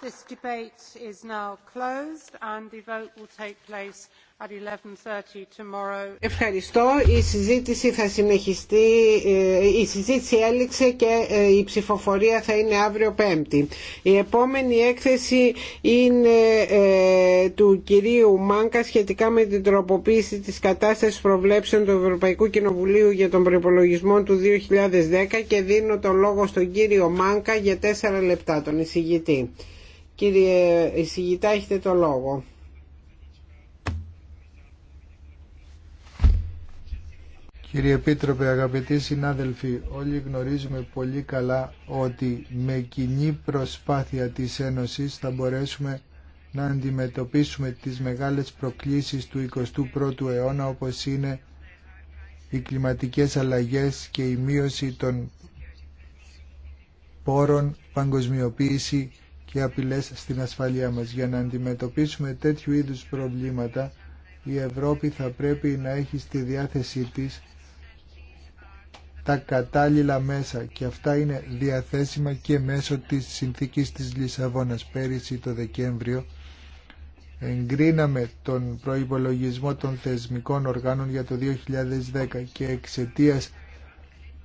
This debate is now closed and the vote will take place Ευχαριστώ. Η συζήτηση θα συνεχιστεί, ε, η συζήτηση έληξε και ε, η ψηφοφορία θα είναι αύριο Πέμπτη. Η επόμενη έκθεση είναι ε, του κυρίου Μάνκα σχετικά με την τροποποίηση της κατάστασης προβλέψεων του Ευρωπαϊκού Κοινοβουλίου για τον προπολογισμό του 2010 και δίνω τον λόγο στον κύριο Μάνκα για τέσσερα λεπτά, τον εισηγητή. Κύριε εισηγητά, έχετε το λόγο. Κύριε Επίτροπε, αγαπητοί συνάδελφοι, όλοι γνωρίζουμε πολύ καλά ότι με κοινή προσπάθεια της Ένωσης θα μπορέσουμε να αντιμετωπίσουμε τις μεγάλες προκλήσεις του 21ου αιώνα όπως είναι οι κλιματικές αλλαγές και η μείωση των πόρων, παγκοσμιοποίηση και απειλές στην ασφαλεία μας. Για να αντιμετωπίσουμε τέτοιου είδους προβλήματα η Ευρώπη θα πρέπει να έχει στη διάθεσή της τα κατάλληλα μέσα και αυτά είναι διαθέσιμα και μέσω της συνθήκης της Λισαβόνας. Πέρυσι το Δεκέμβριο εγκρίναμε τον προϋπολογισμό των θεσμικών οργάνων για το 2010 και εξαιτία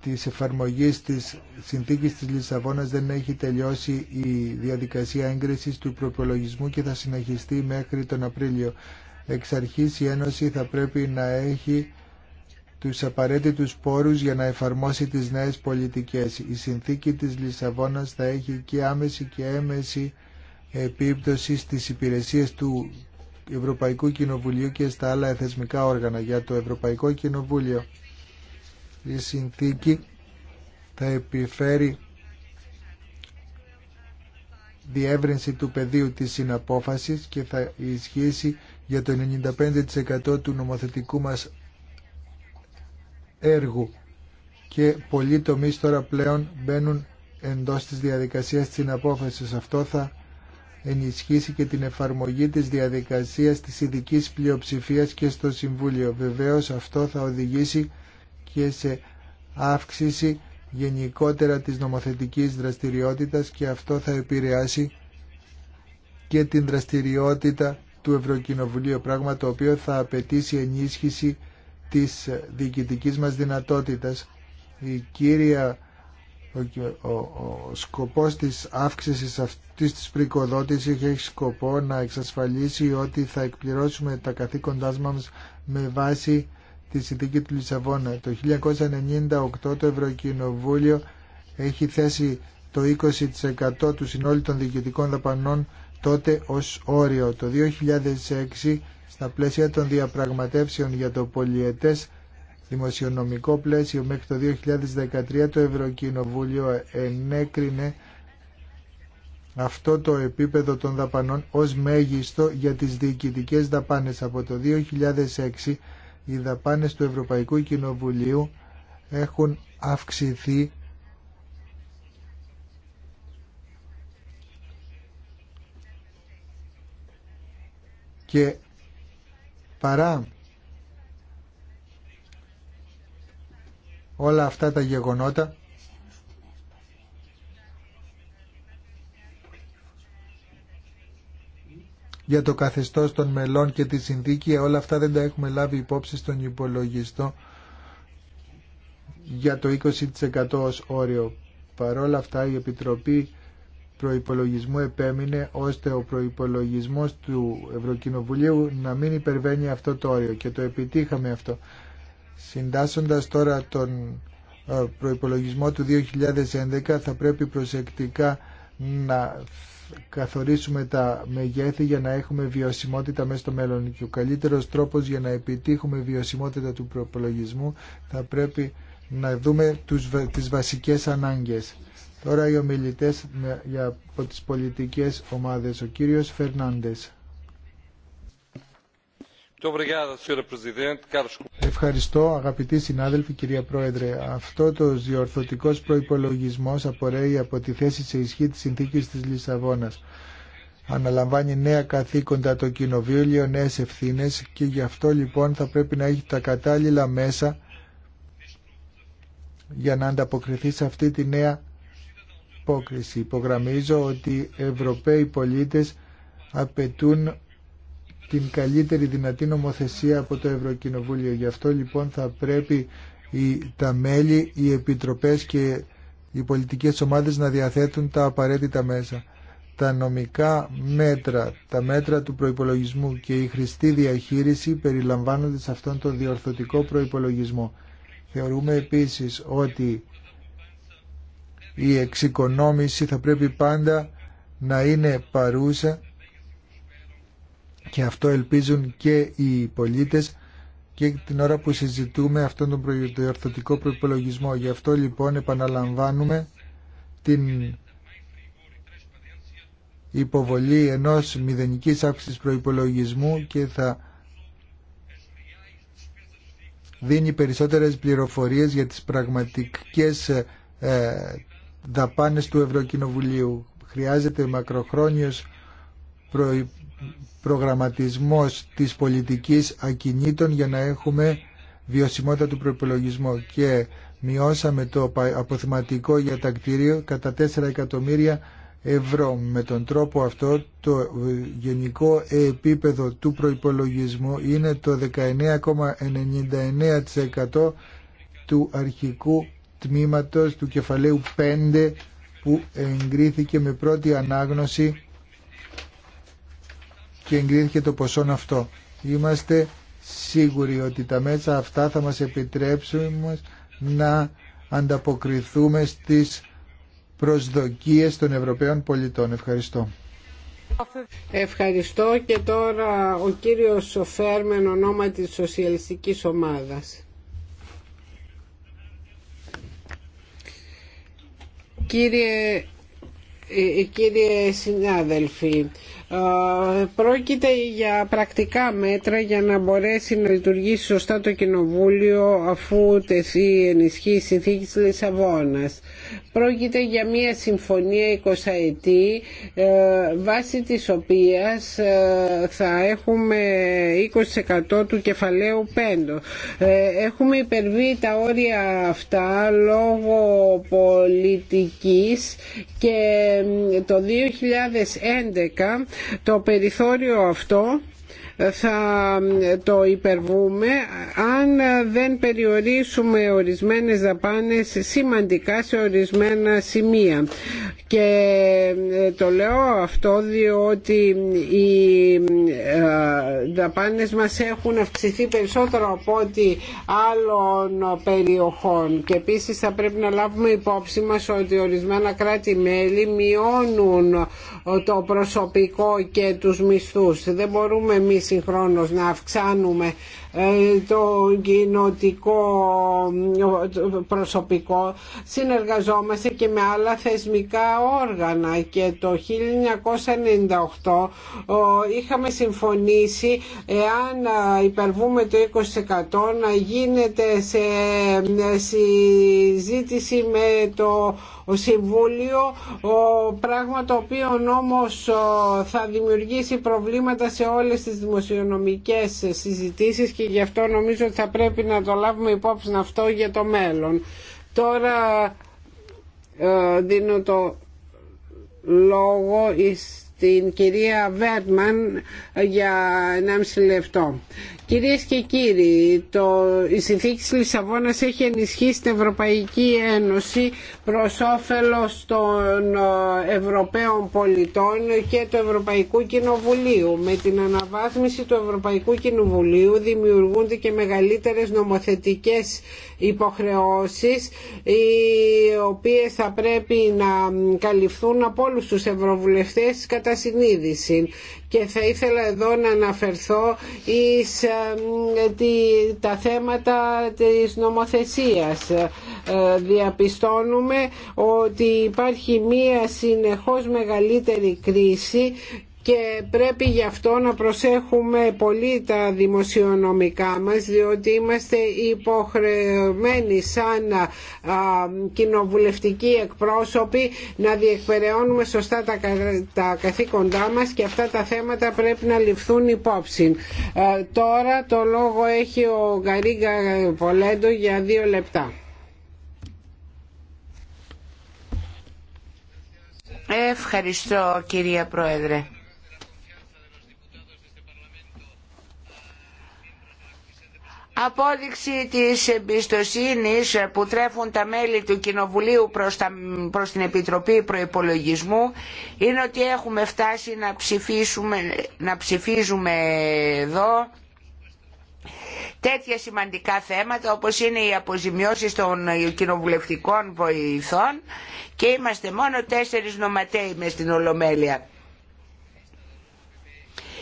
της εφαρμογής της συνθήκης της Λισαβόνας δεν έχει τελειώσει η διαδικασία έγκρισης του προϋπολογισμού και θα συνεχιστεί μέχρι τον Απρίλιο. Εξ αρχής η Ένωση θα πρέπει να έχει τους απαραίτητους πόρους για να εφαρμόσει τις νέες πολιτικές. Η συνθήκη της Λισαβόνας θα έχει και άμεση και έμεση επίπτωση στις υπηρεσίες του Ευρωπαϊκού Κοινοβουλίου και στα άλλα εθεσμικά όργανα. Για το Ευρωπαϊκό Κοινοβούλιο η συνθήκη θα επιφέρει διεύρυνση του πεδίου της συναπόφασης και θα ισχύσει για το 95% του νομοθετικού μας έργου και πολλοί τομείς τώρα πλέον μπαίνουν εντός της διαδικασίας της συναπόφασης. Αυτό θα ενισχύσει και την εφαρμογή της διαδικασίας της ειδική πλειοψηφία και στο Συμβούλιο. Βεβαίως αυτό θα οδηγήσει και σε αύξηση γενικότερα της νομοθετικής δραστηριότητας και αυτό θα επηρεάσει και την δραστηριότητα του Ευρωκοινοβουλίου, πράγμα το οποίο θα απαιτήσει ενίσχυση της διοικητικής μας δυνατότητας. Η κύρια, ο, ο, ο σκοπός της αύξησης αυτής της πρικοδότησης έχει σκοπό να εξασφαλίσει ότι θα εκπληρώσουμε τα καθήκοντά μας με βάση τη συνθήκη του Λισαβόνα. Το 1998 το Ευρωκοινοβούλιο έχει θέσει το 20% του συνόλου των διοικητικών δαπανών τότε ως όριο. Το 2006 στα πλαίσια των διαπραγματεύσεων για το πολιετές δημοσιονομικό πλαίσιο μέχρι το 2013 το Ευρωκοινοβούλιο ενέκρινε αυτό το επίπεδο των δαπανών ως μέγιστο για τις διοικητικές δαπάνες. Από το 2006 οι δαπάνες του Ευρωπαϊκού Κοινοβουλίου έχουν αυξηθεί και παρά όλα αυτά τα γεγονότα για το καθεστώς των μελών και τη συνθήκη όλα αυτά δεν τα έχουμε λάβει υπόψη στον υπολογιστό για το 20% ως όριο. Παρόλα αυτά η Επιτροπή προϋπολογισμού επέμεινε ώστε ο προϋπολογισμός του Ευρωκοινοβουλίου να μην υπερβαίνει αυτό το όριο και το επιτύχαμε αυτό. Συντάσσοντας τώρα τον ε, προϋπολογισμό του 2011 θα πρέπει προσεκτικά να καθορίσουμε τα μεγέθη για να έχουμε βιωσιμότητα μέσα στο μέλλον και ο καλύτερος τρόπος για να επιτύχουμε βιωσιμότητα του προπολογισμού θα πρέπει να δούμε τις βασικές ανάγκες Τώρα οι ομιλητές για, από τις πολιτικές ομάδες. Ο κύριος Φερνάντε. Ευχαριστώ αγαπητοί συνάδελφοι κυρία Πρόεδρε. Αυτό το διορθωτικό προπολογισμό απορρέει από τη θέση σε ισχύ της συνθήκης της Λισαβόνας. Αναλαμβάνει νέα καθήκοντα το κοινοβούλιο, νέες ευθύνες και γι' αυτό λοιπόν θα πρέπει να έχει τα κατάλληλα μέσα για να ανταποκριθεί σε αυτή τη νέα Υπογραμμίζω ότι οι Ευρωπαίοι πολίτες απαιτούν την καλύτερη δυνατή νομοθεσία από το Ευρωκοινοβούλιο. Γι' αυτό λοιπόν θα πρέπει οι, τα μέλη, οι επιτροπές και οι πολιτικές ομάδες να διαθέτουν τα απαραίτητα μέσα. Τα νομικά μέτρα, τα μέτρα του προϋπολογισμού και η χρηστή διαχείριση περιλαμβάνονται σε αυτόν τον διορθωτικό προϋπολογισμό. Θεωρούμε επίσης ότι η εξοικονόμηση θα πρέπει πάντα να είναι παρούσα και αυτό ελπίζουν και οι πολίτες και την ώρα που συζητούμε αυτόν τον προορθωτικό προπολογισμό. Γι' αυτό λοιπόν επαναλαμβάνουμε την υποβολή ενός μηδενικής αύξησης προϋπολογισμού και θα δίνει περισσότερες πληροφορίες για τις πραγματικές ε, δαπάνες του Ευρωκοινοβουλίου. Χρειάζεται μακροχρόνιος προ... προγραμματισμός της πολιτικής ακινήτων για να έχουμε βιωσιμότητα του προπολογισμού και μειώσαμε το αποθηματικό για τα κτίρια κατά 4 εκατομμύρια ευρώ. Με τον τρόπο αυτό το γενικό επίπεδο του προϋπολογισμού είναι το 19,99% του αρχικού τμήματος του κεφαλαίου 5 που εγκρίθηκε με πρώτη ανάγνωση και εγκρίθηκε το ποσό αυτό. Είμαστε σίγουροι ότι τα μέσα αυτά θα μας επιτρέψουν να ανταποκριθούμε στις προσδοκίες των Ευρωπαίων πολιτών. Ευχαριστώ. Ευχαριστώ και τώρα ο κύριος Σοφέρ με ονόμα της Σοσιαλιστικής Ομάδας. Κύριε, κύριε συνάδελφοι, πρόκειται για πρακτικά μέτρα για να μπορέσει να λειτουργήσει σωστά το Κοινοβούλιο αφού τεθεί ενισχύει η συνθήκη της Λισαβόνας. Πρόκειται για μια συμφωνία 20 ετή ε, βάσει της οποίας ε, θα έχουμε 20% του κεφαλαίου 5. Ε, έχουμε υπερβεί τα όρια αυτά λόγω πολιτικής και το 2011 το περιθώριο αυτό θα το υπερβούμε αν δεν περιορίσουμε ορισμένες δαπάνες σημαντικά σε ορισμένα σημεία. Και ε, το λέω αυτό διότι οι ε, δαπάνες μας έχουν αυξηθεί περισσότερο από ό,τι άλλων περιοχών και επίσης θα πρέπει να λάβουμε υπόψη μας ότι ορισμένα κράτη-μέλη μειώνουν το προσωπικό και τους μισθούς. Δεν μπορούμε εμείς να αυξάνουμε ε, το κοινοτικό προσωπικό συνεργαζόμαστε και με άλλα θεσμικά όργανα και το 1998 είχαμε συμφωνήσει εάν υπερβούμε το 20% να γίνεται σε ε, συζήτηση με το Συμβούλιο, πράγμα το οποίο όμως θα δημιουργήσει προβλήματα σε όλες τις δημοσιονομικές συζητήσεις και γι' αυτό νομίζω ότι θα πρέπει να το λάβουμε υπόψη αυτό για το μέλλον. Τώρα ε, δίνω το λόγο στην κυρία Βέρτμαν για 1,5 λεπτό. Κυρίες και κύριοι, το, η συνθήκη της Λισαβόνας έχει ενισχύσει την Ευρωπαϊκή Ένωση προς όφελος των ε, Ευρωπαίων πολιτών και του Ευρωπαϊκού Κοινοβουλίου. Με την αναβάθμιση του Ευρωπαϊκού Κοινοβουλίου δημιουργούνται και μεγαλύτερες νομοθετικές υποχρεώσεις οι οποίες θα πρέπει να καλυφθούν από όλους τους ευρωβουλευτές κατά συνείδηση και θα ήθελα εδώ να αναφερθώ εις ε, τα θέματα της νομοθεσίας. Ε, διαπιστώνουμε ότι υπάρχει μία συνεχώς μεγαλύτερη κρίση και πρέπει γι' αυτό να προσέχουμε πολύ τα δημοσιονομικά μας διότι είμαστε υποχρεωμένοι σαν κοινοβουλευτικοί εκπρόσωποι να διεκπαιρεώνουμε σωστά τα καθήκοντά μας και αυτά τα θέματα πρέπει να ληφθούν υπόψη. Ε, τώρα το λόγο έχει ο Γκαρίγκα Πολέντο για δύο λεπτά. Ευχαριστώ κυρία Πρόεδρε. απόδειξη της εμπιστοσύνης που τρέφουν τα μέλη του Κοινοβουλίου προς, την Επιτροπή Προϋπολογισμού είναι ότι έχουμε φτάσει να, ψηφίσουμε, να ψηφίζουμε εδώ τέτοια σημαντικά θέματα όπως είναι οι αποζημιώσεις των κοινοβουλευτικών βοηθών και είμαστε μόνο τέσσερις νοματέοι μες στην Ολομέλεια.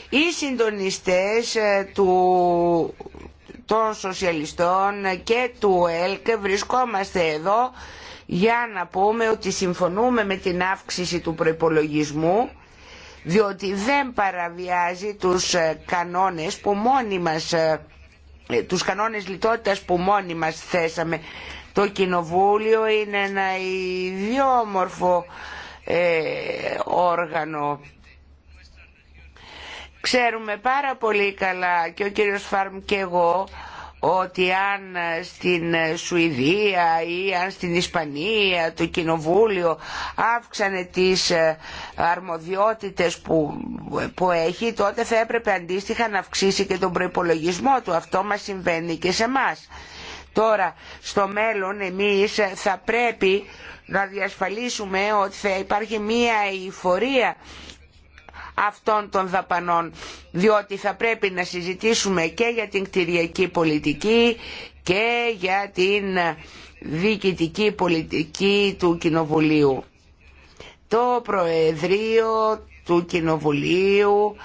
Οι συντονιστές ε, του των Σοσιαλιστών και του ΕΛΚ βρισκόμαστε εδώ για να πούμε ότι συμφωνούμε με την αύξηση του προϋπολογισμού διότι δεν παραβιάζει τους ε, κανόνες που ε, ε, τους κανόνες λιτότητας που μόνοι μας θέσαμε το κοινοβούλιο είναι ένα ιδιόμορφο όργανο Ξέρουμε πάρα πολύ καλά και ο κύριος Φάρμ και εγώ ότι αν στην Σουηδία ή αν στην Ισπανία το κοινοβούλιο αύξανε τις ε, αρμοδιότητες που, που έχει τότε θα έπρεπε αντίστοιχα να αυξήσει και τον προϋπολογισμό του. Αυτό μας συμβαίνει και σε μας. Τώρα στο μέλλον εμείς θα πρέπει να διασφαλίσουμε ότι θα υπάρχει μία εφορία αυτών των δαπανών διότι θα πρέπει να συζητήσουμε και για την κτηριακή πολιτική και για την διοικητική πολιτική του Κοινοβουλίου. Το Προεδρείο του Κοινοβουλίου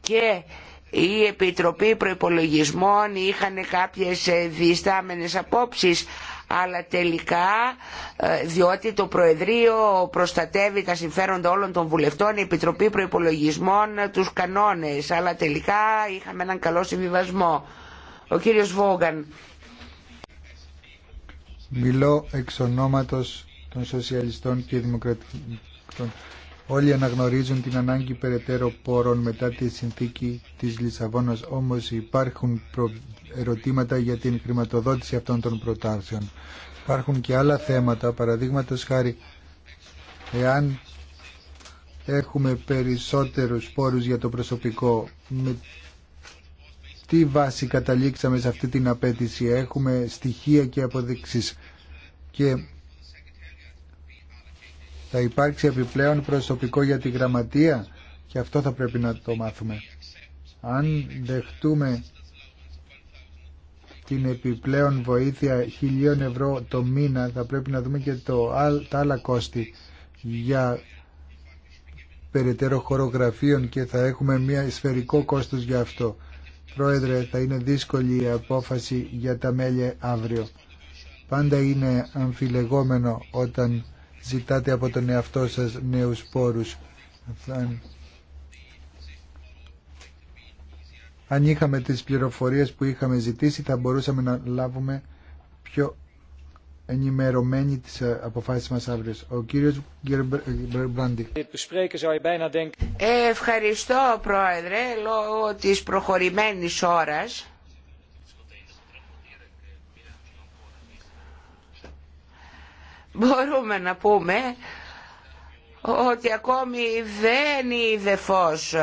και η Επιτροπή Προϋπολογισμών είχαν κάποιες διστάμενες απόψεις αλλά τελικά ε, διότι το Προεδρείο προστατεύει τα συμφέροντα όλων των βουλευτών, η Επιτροπή Προϋπολογισμών ε, τους κανόνες, αλλά τελικά είχαμε έναν καλό συμβιβασμό. Ο κύριος Βόγκαν. Μιλώ εξ ονόματος των Σοσιαλιστών και Δημοκρατικών Όλοι αναγνωρίζουν την ανάγκη περαιτέρω πόρων μετά τη συνθήκη της Λισαβόνας, όμως υπάρχουν ερωτήματα για την χρηματοδότηση αυτών των προτάσεων. Υπάρχουν και άλλα θέματα, παραδείγματος χάρη, εάν έχουμε περισσότερους πόρους για το προσωπικό, με τι βάση καταλήξαμε σε αυτή την απέτηση, έχουμε στοιχεία και αποδείξεις. Θα υπάρξει επιπλέον προσωπικό για τη γραμματεία και αυτό θα πρέπει να το μάθουμε. Αν δεχτούμε την επιπλέον βοήθεια χιλίων ευρώ το μήνα θα πρέπει να δούμε και το, τα άλλα κόστη για περαιτέρω χορογραφίων και θα έχουμε μια σφαιρικό κόστος για αυτό. Πρόεδρε, θα είναι δύσκολη η απόφαση για τα μέλη αύριο. Πάντα είναι αμφιλεγόμενο όταν ζητάτε από τον εαυτό σας νέους πόρους. Αν είχαμε τις πληροφορίες που είχαμε ζητήσει θα μπορούσαμε να λάβουμε πιο ενημερωμένοι τις αποφάσεις μας αύριο. Ο κύριος Γκερμπράντι. Ευχαριστώ πρόεδρε λόγω της προχωρημένης ώρας. μπορούμε να πούμε ότι ακόμη δεν είδε φως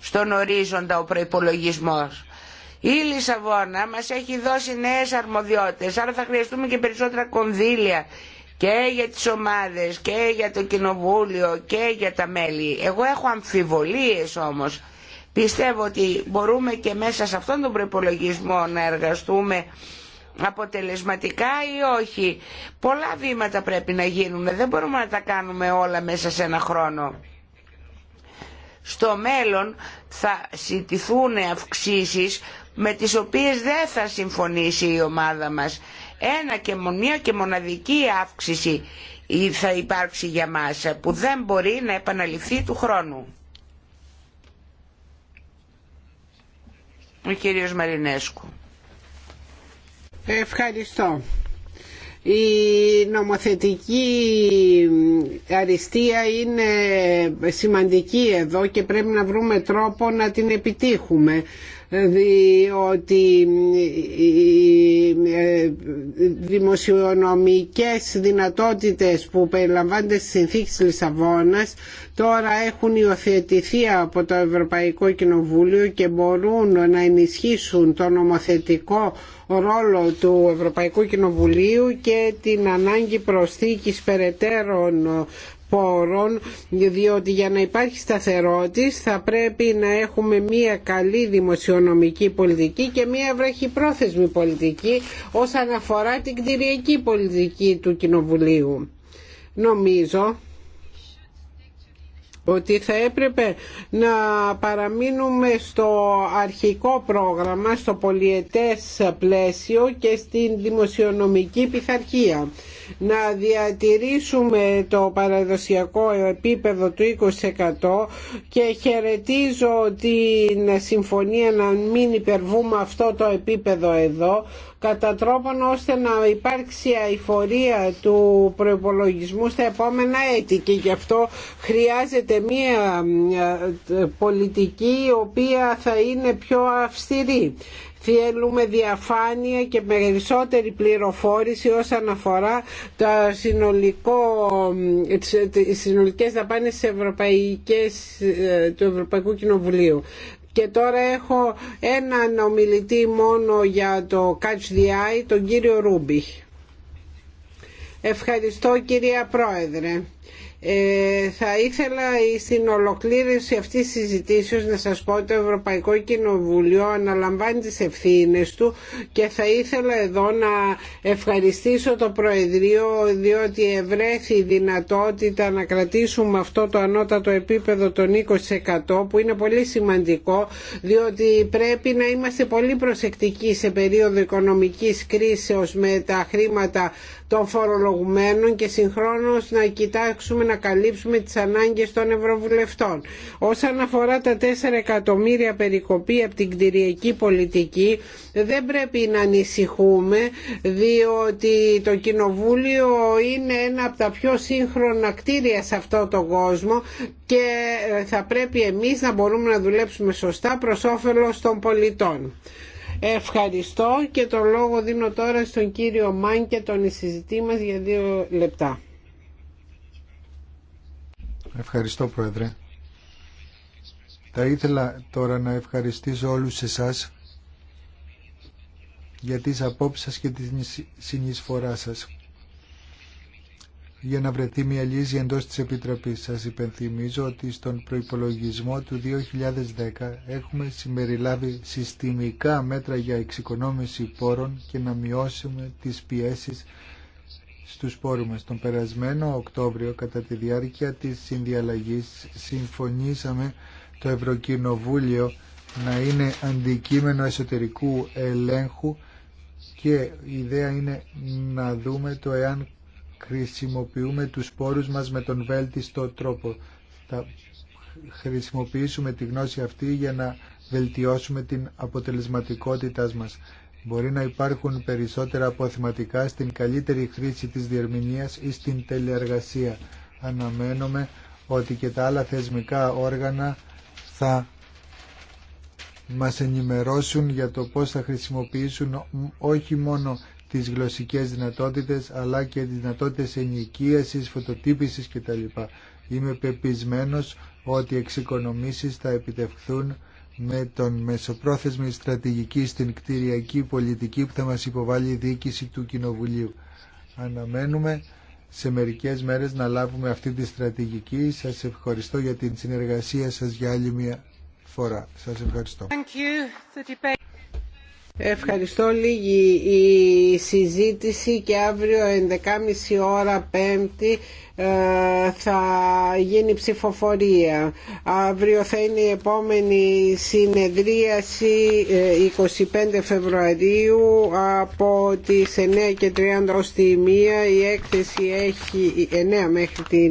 στον ορίζοντα ο προϋπολογισμός. Η Λισαβόνα μας έχει δώσει νέες αρμοδιότητες, άρα θα χρειαστούμε και περισσότερα κονδύλια και για τις ομάδες και για το κοινοβούλιο και για τα μέλη. Εγώ έχω αμφιβολίες όμως. Πιστεύω ότι μπορούμε και μέσα σε αυτόν τον προπολογισμό να εργαστούμε αποτελεσματικά ή όχι. Πολλά βήματα πρέπει να γίνουν. Δεν μπορούμε να τα κάνουμε όλα μέσα σε ένα χρόνο. Στο μέλλον θα συντηθούν αυξήσει με τις οποίες δεν θα συμφωνήσει η ομάδα μας. Ένα και μία και μοναδική αύξηση θα υπάρξει για μας που δεν μπορεί να επαναληφθεί του χρόνου. Ο κύριος Μαρινέσκου. Ευχαριστώ. Η νομοθετική αριστεία είναι σημαντική εδώ και πρέπει να βρούμε τρόπο να την επιτύχουμε διότι οι ε, δημοσιονομικές δυνατότητες που περιλαμβάνονται στις συνθήκες Λισαβόνας τώρα έχουν υιοθετηθεί από το Ευρωπαϊκό Κοινοβούλιο και μπορούν να ενισχύσουν το νομοθετικό ρόλο του Ευρωπαϊκού Κοινοβουλίου και την ανάγκη προσθήκης περαιτέρων πόρων, διότι για να υπάρχει σταθερότης θα πρέπει να έχουμε μια καλή δημοσιονομική πολιτική και μια βραχυπρόθεσμη πολιτική όσον αφορά την κτηριακή πολιτική του Κοινοβουλίου. Νομίζω ότι θα έπρεπε να παραμείνουμε στο αρχικό πρόγραμμα, στο πολιετές πλαίσιο και στην δημοσιονομική πειθαρχία να διατηρήσουμε το παραδοσιακό επίπεδο του 20% και χαιρετίζω την συμφωνία να μην υπερβούμε αυτό το επίπεδο εδώ κατά τρόπον ώστε να υπάρξει αηφορία του προϋπολογισμού στα επόμενα έτη και γι' αυτό χρειάζεται μία ε, πολιτική η οποία θα είναι πιο αυστηρή. Θέλουμε διαφάνεια και περισσότερη πληροφόρηση όσον αφορά τα συνολικό, τις συνολικές δαπάνες της του Ευρωπαϊκού Κοινοβουλίου. Και τώρα έχω έναν ομιλητή μόνο για το Catch the Eye, τον κύριο Ρούμπι. Ευχαριστώ κυρία Πρόεδρε. Ε, θα ήθελα στην ολοκλήρωση αυτής της συζητήσεως να σας πω ότι το Ευρωπαϊκό Κοινοβουλίο αναλαμβάνει τις ευθύνες του και θα ήθελα εδώ να ευχαριστήσω το Προεδρείο διότι ευρέθη η δυνατότητα να κρατήσουμε αυτό το ανώτατο επίπεδο των 20% που είναι πολύ σημαντικό διότι πρέπει να είμαστε πολύ προσεκτικοί σε περίοδο οικονομικής κρίσεως με τα χρήματα των φορολογουμένων και συγχρόνως να κοιτάξουμε να καλύψουμε τις ανάγκες των Ευρωβουλευτών. Όσον αφορά τα 4 εκατομμύρια περικοπή από την κτηριακή πολιτική δεν πρέπει να ανησυχούμε διότι το Κοινοβούλιο είναι ένα από τα πιο σύγχρονα κτίρια σε αυτό τον κόσμο και ε, θα πρέπει εμείς να μπορούμε να δουλέψουμε σωστά προς όφελο των πολιτών. Ευχαριστώ και το λόγο δίνω τώρα στον κύριο Μάν και τον εισηγητή μας για δύο λεπτά. Ευχαριστώ Πρόεδρε. Θα ήθελα τώρα να ευχαριστήσω όλους εσάς για τις απόψεις σας και τη συνεισφορά σας για να βρεθεί μια λύση εντός της Επιτροπής. Σας υπενθυμίζω ότι στον προϋπολογισμό του 2010 έχουμε συμπεριλάβει συστημικά μέτρα για εξοικονόμηση πόρων και να μειώσουμε τις πιέσεις στους πόρους μας. περασμένο Οκτώβριο, κατά τη διάρκεια της συνδιαλλαγής, συμφωνήσαμε το Ευρωκοινοβούλιο να είναι αντικείμενο εσωτερικού ελέγχου και η ιδέα είναι να δούμε το εάν χρησιμοποιούμε τους σπόρους μας με τον βέλτιστο τρόπο. Θα χρησιμοποιήσουμε τη γνώση αυτή για να βελτιώσουμε την αποτελεσματικότητά μας. Μπορεί να υπάρχουν περισσότερα αποθυματικά στην καλύτερη χρήση της διερμηνίας ή στην τελεργασία. Αναμένουμε ότι και τα άλλα θεσμικά όργανα θα μας ενημερώσουν για το πώς θα χρησιμοποιήσουν όχι μόνο τις γλωσσικές δυνατότητες αλλά και τις δυνατότητες ενοικίασης, φωτοτύπησης κτλ. Είμαι πεπισμένος ότι οι εξοικονομήσεις θα επιτευχθούν με τον μεσοπρόθεσμη στρατηγική στην κτηριακή πολιτική που θα μας υποβάλει η διοίκηση του Κοινοβουλίου. Αναμένουμε σε μερικές μέρες να λάβουμε αυτή τη στρατηγική. Σας ευχαριστώ για την συνεργασία σας για άλλη μια φορά. Σας ευχαριστώ. Ευχαριστώ λίγη η συζήτηση και αύριο 11.30 ώρα πέμπτη ε, θα γίνει ψηφοφορία. Αύριο θα είναι η επόμενη συνεδρίαση 25 ε, Φεβρουαρίου από τις 9.30 ως τη 1. Η έκθεση έχει 9 ε, μέχρι την